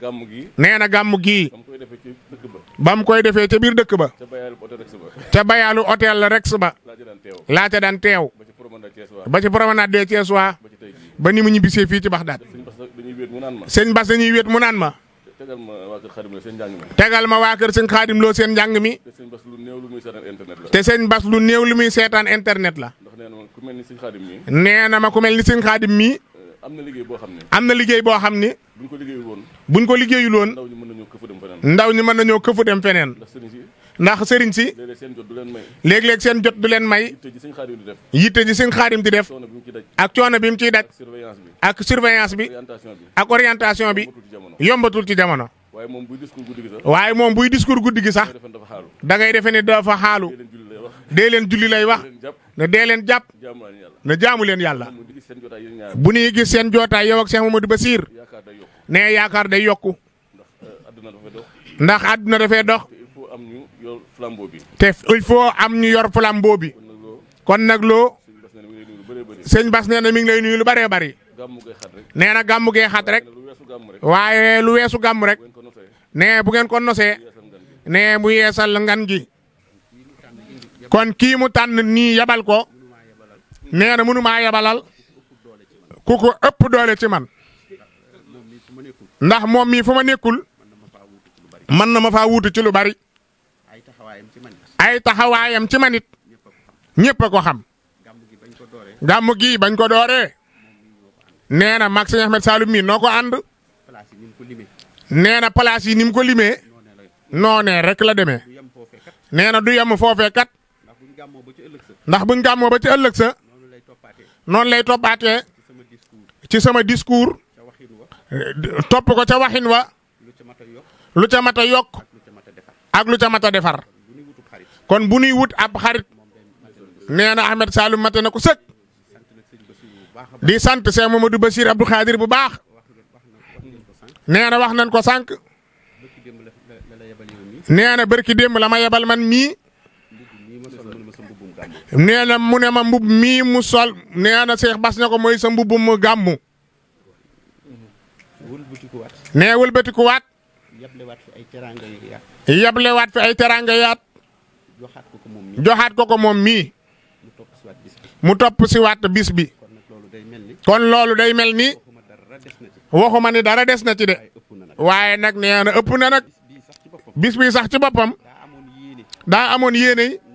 gàmm gi nee na gàmm gii. ba mu koy defee ca dëkk ba. ba mu koy defee ca ba. ca bayaalu hôtel Rex ba. ca ba. daan teew. ba ci promenade Thiès waa. waa. ba ni mu ñibbisee fii ci Baxdaad. sëñ Bas dañuy wéet mu naan ma. tegal ma waa kër seen njàng seen njàng mi. te sëñ bas lu néew lu muy seetaan internet la. te la. ma ku ni sëñ xaadim mi. am na liggéey boo xam ni. buñ ko liggéeyul woon. ndaw ñi mën nañoo këfu dem feneen. ndax sëriñ si. léeg-léeg seen jot du leen may. yitte ji sëñ xaarim di def. ak coono bi mu ciy daj. ak surveillance bi. ak orientation bi. yombatul ci jamono. waaye moom buy discours guddi gi sax. waaye moom buy discours guddi xaalu. dee leen julli lay wax. ne dee leen jàpp ne jaamu leen yàlla bu ñuy gis seen jootaay yow ak Cheikh Mamadou Bassir ne yaakaar day yokku ndax àdduna dafay dox te il faut am ñu yor flambeau bi kon nag loo sëñ Bass nee na mi ngi lay nuyu lu bëree bëri nee na gàmmu gee xat rek waaye lu weesu gàmm rek nee bu ngeen ko nosee nee mu yeesal ngan gi. kon kii mu tànn nii yabal ko nee na maa yabalal ku ko ëpp doole ci man ndax moom mii fu ma nekkul mën na ma faa wuutu ci lu bari ay taxawaayam ci manit ñëpp ko xam gàmmu gii bañ ko dooree nee na mag sëñ Ahmed Saloum mii noo ko ànd nee na place yi ni mu ko limee noonee rek la demee nee du yem foofee kat ndax buñ gamo ba ci ëlëk sa non lay topaté ci sama discours top ko ca waxin wa lu ca mata yok ak lu ca mata defar kon bu nuy wut ab xarit neena Ahmed Saloum mate na ko sëkk di sant Cheikh Mamadou basir Abdou Khadir bu baax neena wahnan wax nañ ko sank neena mi. barki dem la ma man mi nee na mu ne ma mbub mii mu sol nee na Cheikh Bass ne ko mooy sa mbubu mu gàmmu. nee wëlbatikuwaat. yablewaat fi ay teraanga yaat. yablewaat fi ay teraanga yaat. joxaat ko ko moom mii. joxaat ko ko moom mii. mu topp si waat bis bi. kon loolu day mel ni. waxuma ni dara des na ci de. waaye nag nee ëpp na nag. bis bi sax ci boppam. daa amoon yéene.